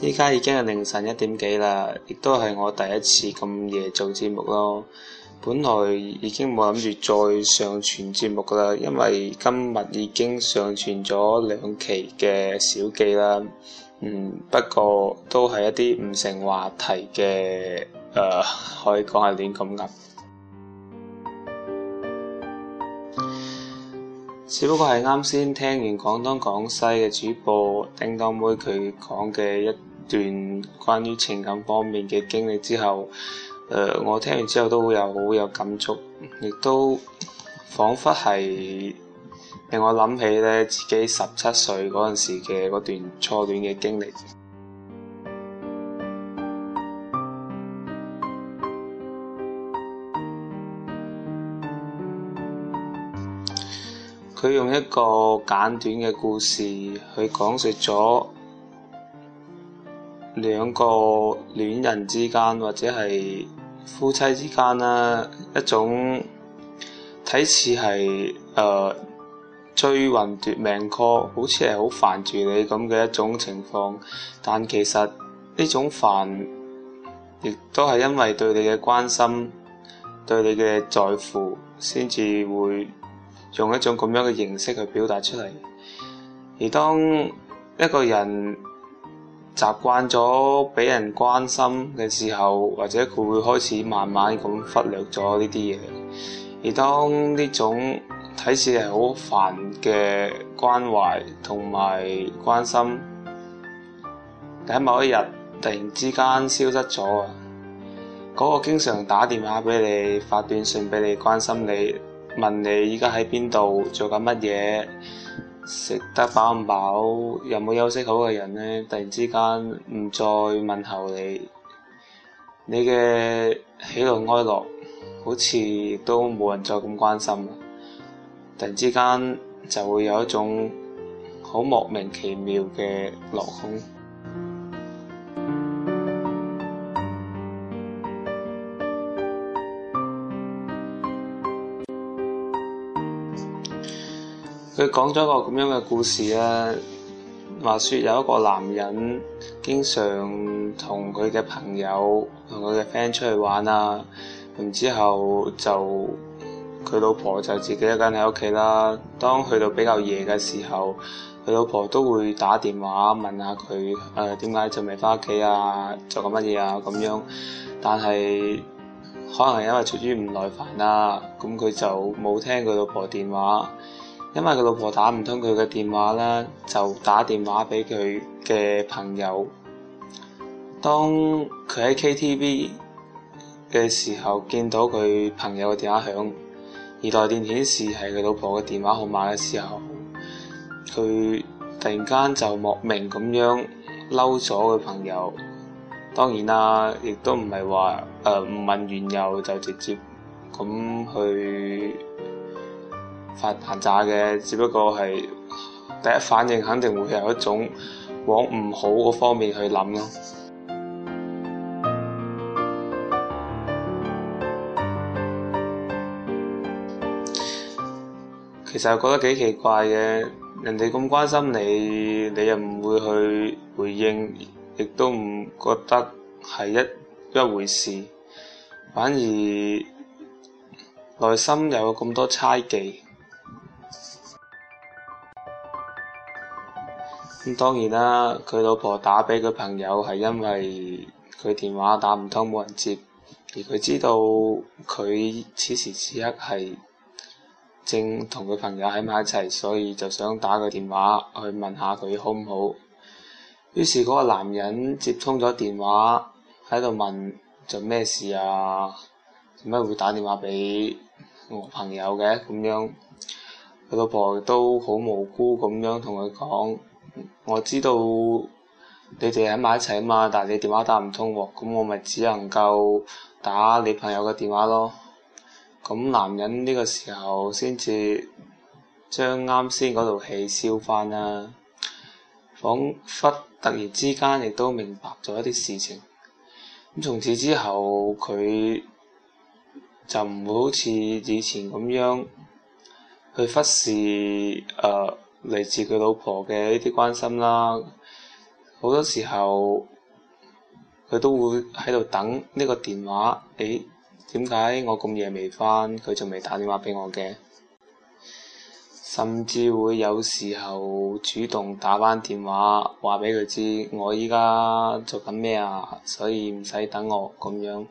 依家已經係凌晨一點幾啦，亦都係我第一次咁夜做節目咯。本來已經冇諗住再上傳節目㗎啦，因為今日已經上傳咗兩期嘅小記啦。嗯，不過都係一啲唔成話題嘅，誒、呃、可以講係亂咁噏。只不過係啱先聽完廣東廣西嘅主播叮當妹佢講嘅一段關於情感方面嘅經歷之後，誒、呃、我聽完之後都會有好有感觸，亦都彷彿係令我諗起咧自己十七歲嗰陣時嘅嗰段初戀嘅經歷。佢 用一個簡短嘅故事去講述咗。兩個戀人之間，或者係夫妻之間啦，一種睇似係誒、呃、追魂奪命 call，好似係好煩住你咁嘅一種情況，但其實呢種煩，亦都係因為對你嘅關心，對你嘅在乎，先至會用一種咁樣嘅形式去表達出嚟。而當一個人，習慣咗俾人關心嘅時候，或者佢會開始慢慢咁忽略咗呢啲嘢。而當呢種睇似係好煩嘅關懷同埋關心，你喺某一日突然之間消失咗啊！嗰、嗰個經常打電話俾你、發短信俾你、關心你、問你依家喺邊度、做緊乜嘢，食得飽唔飽，有冇休息好嘅人呢？突然之間唔再問候你，你嘅喜怒哀樂好似都冇人再咁關心，突然之間就會有一種好莫名其妙嘅落空。佢講咗個咁樣嘅故事啊，話說有一個男人經常同佢嘅朋友同佢嘅 friend 出去玩啊，然之後就佢老婆就自己一個人喺屋企啦。當去到比較夜嘅時候，佢老婆都會打電話問下佢誒點解仲未翻屋企啊？做緊乜嘢啊？咁樣，但係可能係因為出於唔耐煩啦，咁佢就冇聽佢老婆電話。因為佢老婆打唔通佢嘅電話啦，就打電話俾佢嘅朋友。當佢喺 KTV 嘅時候，見到佢朋友嘅電話響，而來電顯示係佢老婆嘅電話號碼嘅時候，佢突然間就莫名咁樣嬲咗佢朋友。當然啦，亦都唔係話誒唔問原由就直接咁去發彈炸嘅，只不過係第一反應，肯定會有一種往唔好嗰方面去諗咯。 其實我覺得幾奇怪嘅，人哋咁關心你，你又唔會去回應，亦都唔覺得係一一回事，反而內心有咁多猜忌。咁當然啦！佢老婆打俾佢朋友，係因為佢電話打唔通，冇人接，而佢知道佢此時此刻係正同佢朋友喺埋一齊，所以就想打個電話去問下佢好唔好。於是嗰個男人接通咗電話，喺度問做咩事啊？做咩會打電話俾我朋友嘅？咁樣，佢老婆都好無辜咁樣同佢講。我知道你哋喺埋一齊啊嘛，但係你電話打唔通喎，哦，咁我咪只能夠打你朋友嘅電話咯。咁男人呢個時候先至將啱先嗰度氣消翻啦，彷彿突然之間亦都明白咗一啲事情。咁從此之後，佢就唔會好似以前咁樣去忽視誒，呃嚟自佢老婆嘅呢啲關心啦，好多時候佢都會喺度等呢個電話。誒，點解我咁夜未返？佢仲未打電話畀我嘅？甚至會有時候主動打翻電話，話畀佢知我依家做緊咩啊，所以唔使等我咁樣。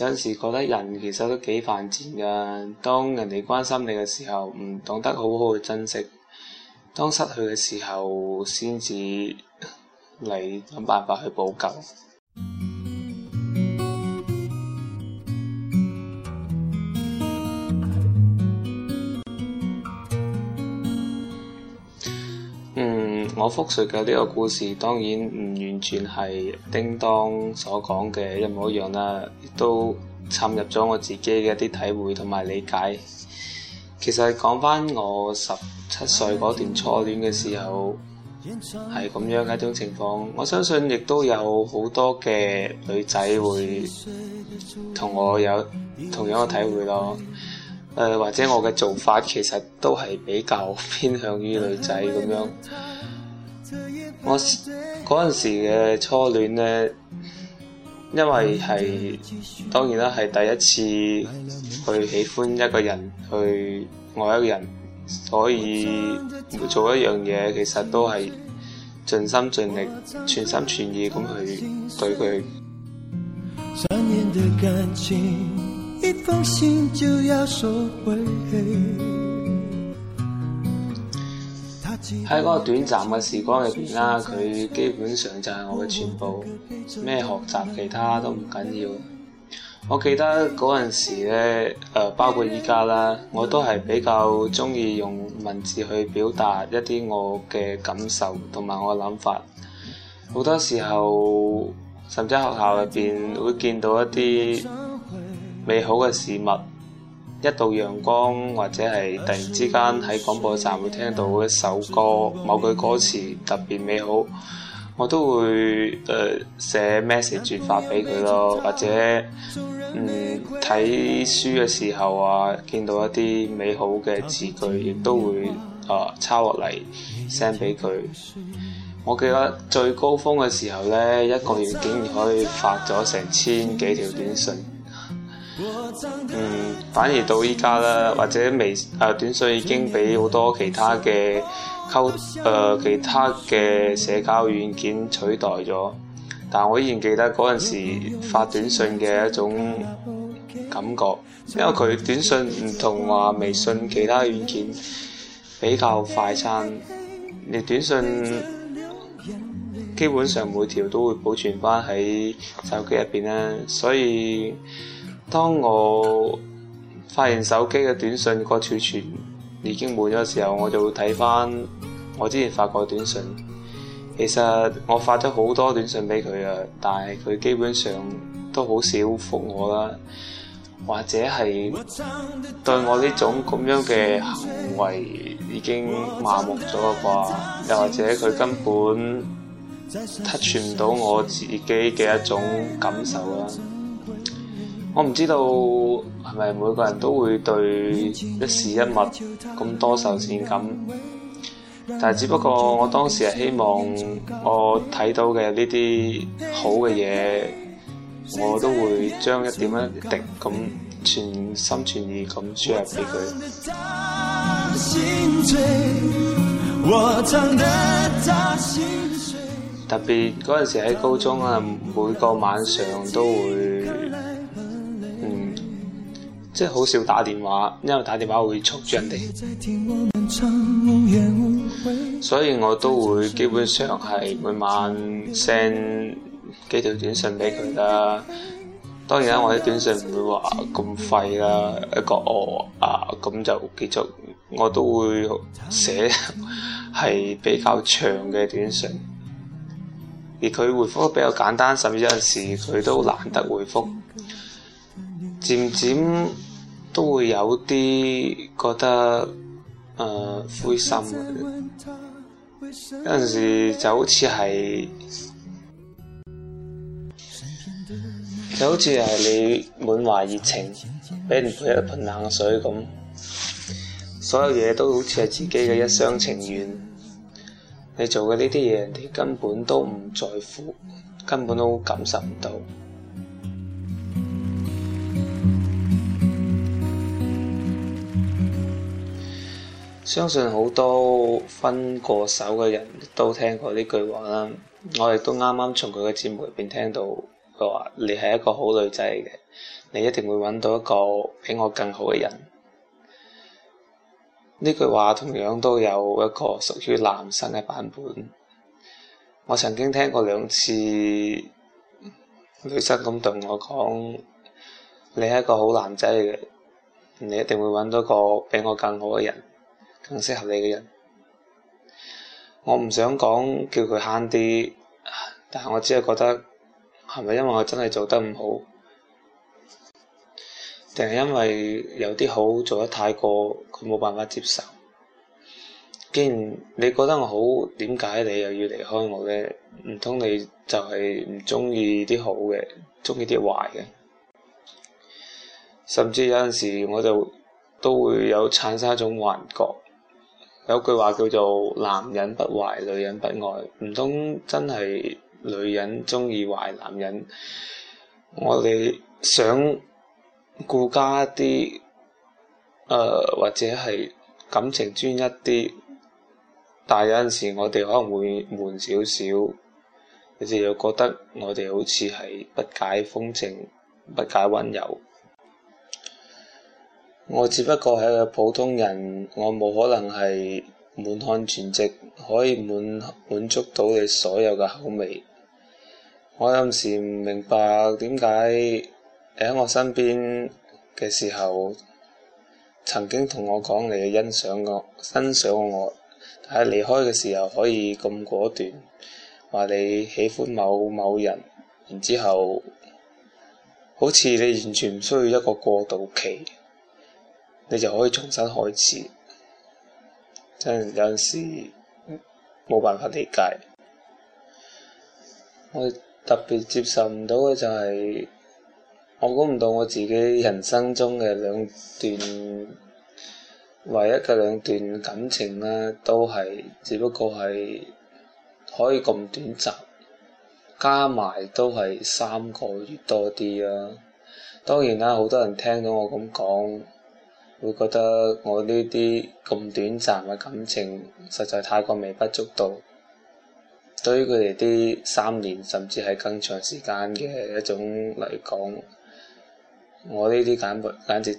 有陣時覺得人其實都幾犯賤㗎，當人哋關心你嘅時候，唔懂得好好去珍惜；當失去嘅時候，先至嚟諗辦法去補救。我複述嘅呢個故事，當然唔完全係叮當所講嘅一模一樣啦，亦都侵入咗我自己嘅一啲體會同埋理解。其實講返我十七歲嗰段初戀嘅時候，係咁樣嘅一種情況。我相信亦都有好多嘅女仔會同我有同樣嘅體會咯。誒、呃，或者我嘅做法其實都係比較偏向於女仔咁樣。我嗰陣時嘅初戀呢，因為係，當然啦，係第一次去喜歡一個人，去愛一個人，所以每做一樣嘢，其實都係盡心盡力、全心全意咁去對佢。喺嗰個短暫嘅時光入邊啦，佢基本上就係我嘅全部，咩學習其他都唔緊要。我記得嗰陣時咧，誒、呃，包括依家啦，我都係比較中意用文字去表達一啲我嘅感受同埋我嘅諗法。好多時候，甚至學校入邊會見到一啲美好嘅事物。一道陽光，或者係突然之間喺廣播站會聽到一首歌，某句歌詞特別美好，我都會誒、呃、寫 message 發俾佢咯。或者嗯睇、呃、書嘅時候啊，見到一啲美好嘅字句，亦都會啊、呃、抄落嚟 send 俾佢。我記得最高峰嘅時候呢，一個月竟然可以發咗成千幾條短信。嗯，反而到依家啦，或者微誒、呃、短信已經俾好多其他嘅溝誒其他嘅社交軟件取代咗，但我依然記得嗰陣時發短信嘅一種感覺，因為佢短信唔同話微信其他軟件比較快餐，你短信基本上每條都會保存翻喺手機入邊咧，所以。當我發現手機嘅短信個儲存已經滿咗嘅時候，我就會睇翻我之前發過嘅短信。其實我發咗好多短信俾佢啊，但係佢基本上都好少覆我啦，或者係對我呢種咁樣嘅行為已經麻木咗喇啩，又或者佢根本體傳唔到我自己嘅一種感受啦。我唔知道係咪每個人都會對一事一物咁多愁善感，但係只不過我當時係希望我睇到嘅呢啲好嘅嘢，我都會將一點一滴咁全心全意咁輸入俾佢。特別嗰陣時喺高中啊，每個晚上都會。即係好少打電話，因為打電話會觸住人哋，嗯、所以我都會基本上係每晚 send 幾條短信俾佢啦。當然啦，我啲短信唔會話咁、啊、廢啦、啊，一個哦啊咁就結束。我都會寫係比較長嘅短信，而佢回覆比較簡單，甚至有陣時佢都難得回覆，漸漸，都會有啲覺得誒灰心，有陣時就好似係，就好似係你滿懷熱情，俾人潑一盆冷水咁，所有嘢，都好似係自己嘅一廂情願，你做嘅呢啲嘢，人哋根本都唔在乎，根本都感受唔到。相信好多分過手嘅人都聽過呢句話啦。我亦都啱啱從佢嘅節目入邊聽到佢話，你係一個好女仔嘅，你一定會揾到一個比我更好嘅人。呢句話同樣都有一個屬於男生嘅版本。我曾經聽過兩次女生咁對我講，你係一個好男仔嚟嘅，你一定會揾到個比我更好嘅人。更適合你嘅人，我唔想講叫佢慳啲，但係我只係覺得係咪因為我真係做得唔好，定係因為有啲好做得太過，佢冇辦法接受？既然你覺得我好，點解你又要離開我呢？唔通你就係唔鍾意啲好嘅，鍾意啲壞嘅？甚至有陣時我就都會有產生一種幻覺。有句話叫做男人不壞，女人不愛，唔通真係女人中意壞男人？我哋想顧家啲，誒、呃、或者係感情專一啲，但係有陣時我哋可能會悶少少，佢哋又覺得我哋好似係不解風情，不解溫柔。我只不過係一個普通人，我冇可能係滿漢全席，可以滿滿足到你所有嘅口味。我有時唔明白點解喺我身邊嘅時候，曾經同我講你嘅欣賞我、欣賞我，但係離開嘅時候可以咁果斷，話你喜歡某某人，然之後好似你完全唔需要一個過渡期。你就可以重新開始，真係有陣時冇辦法理解。我特別接受唔到嘅就係，我估唔到我自己人生中嘅兩段唯一嘅兩段感情呢，都係只不過係可以咁短暫，加埋都係三個月多啲啊。當然啦，好多人聽到我咁講。會覺得我呢啲咁短暫嘅感情，實在太過微不足道。對於佢哋呢三年甚至係更長時間嘅一種嚟講，我呢啲簡簡直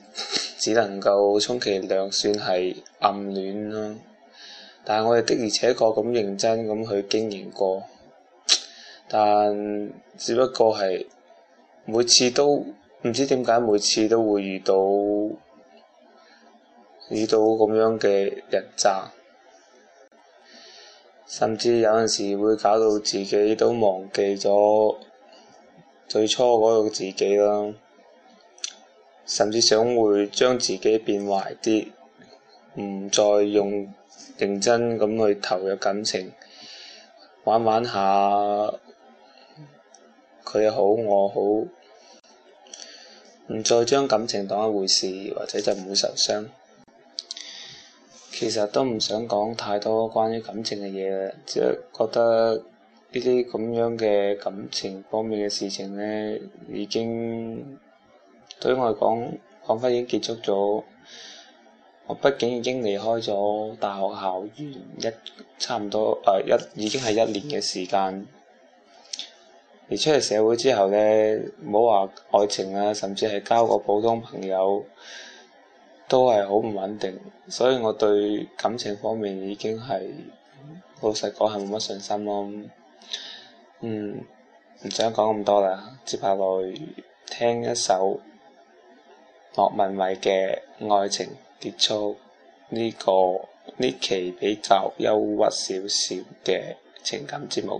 只能夠充其量算係暗戀咯。但係我哋的而且確咁認真咁去經營過，但只不過係每次都唔知點解，每次都會遇到。遇到咁樣嘅人渣，甚至有陣時會搞到自己都忘記咗最初嗰個自己啦，甚至想會將自己變壞啲，唔再用認真咁去投入感情，玩玩下，佢好我好，唔再將感情當一回事，或者就唔會受傷。其實都唔想講太多關於感情嘅嘢，即係覺得呢啲咁樣嘅感情方面嘅事情呢，已經對於我嚟講，講返已經結束咗。我畢竟已經離開咗大學校園一差唔多誒、呃、一已經係一年嘅時間，而出嚟社會之後呢，唔好話愛情啊，甚至係交個普通朋友。都係好唔穩定，所以我對感情方面已經係老實講係冇乜信心咯。嗯，唔想講咁多啦，接下來聽一首莫文蔚嘅《愛情結束》，呢個呢個呢期比較憂鬱少少嘅情感節目。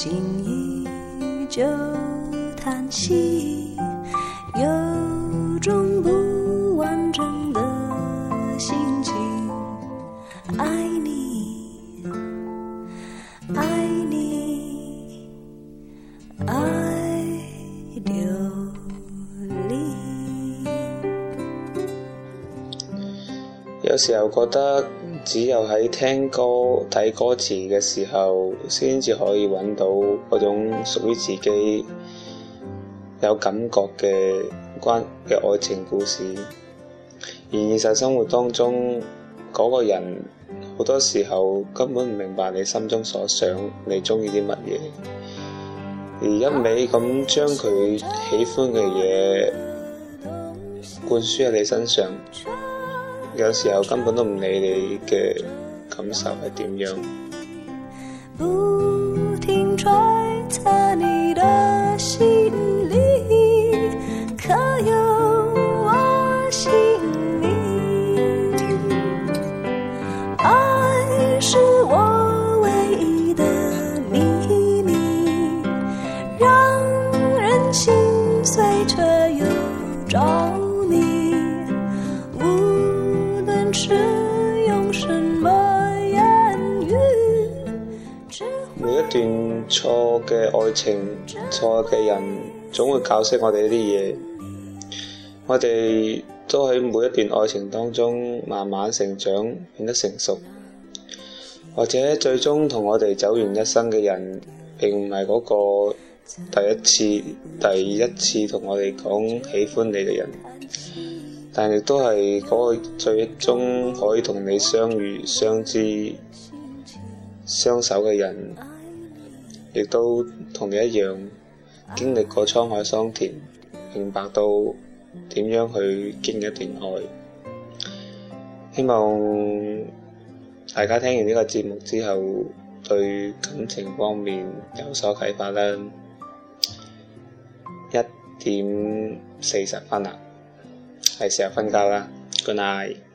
情就嘆息，有種不完整的心情，愛你，愛你，愛流離。有時候覺得。只有喺聽歌睇歌詞嘅時候，先至可以揾到嗰種屬於自己有感覺嘅關嘅愛情故事。而現實生活當中，嗰個人好多時候根本唔明白你心中所想，你鍾意啲乜嘢，而一味咁將佢喜歡嘅嘢灌輸喺你身上。有時候根本都唔理你嘅感受係點樣的。 愛情錯嘅人總會教識我哋呢啲嘢，我哋都喺每一段愛情當中慢慢成長，變得成熟，或者最終同我哋走完一生嘅人，並唔係嗰個第一次、第一次同我哋講喜歡你嘅人，但亦都係嗰個最終可以同你相遇、相知、相守嘅人。亦都同你一樣經歷過滄海桑田，明白到點樣去經一段愛。希望大家聽完呢個節目之後，對感情方面有所啟發啦。一點四十分啦，係時候瞓覺啦，Good night。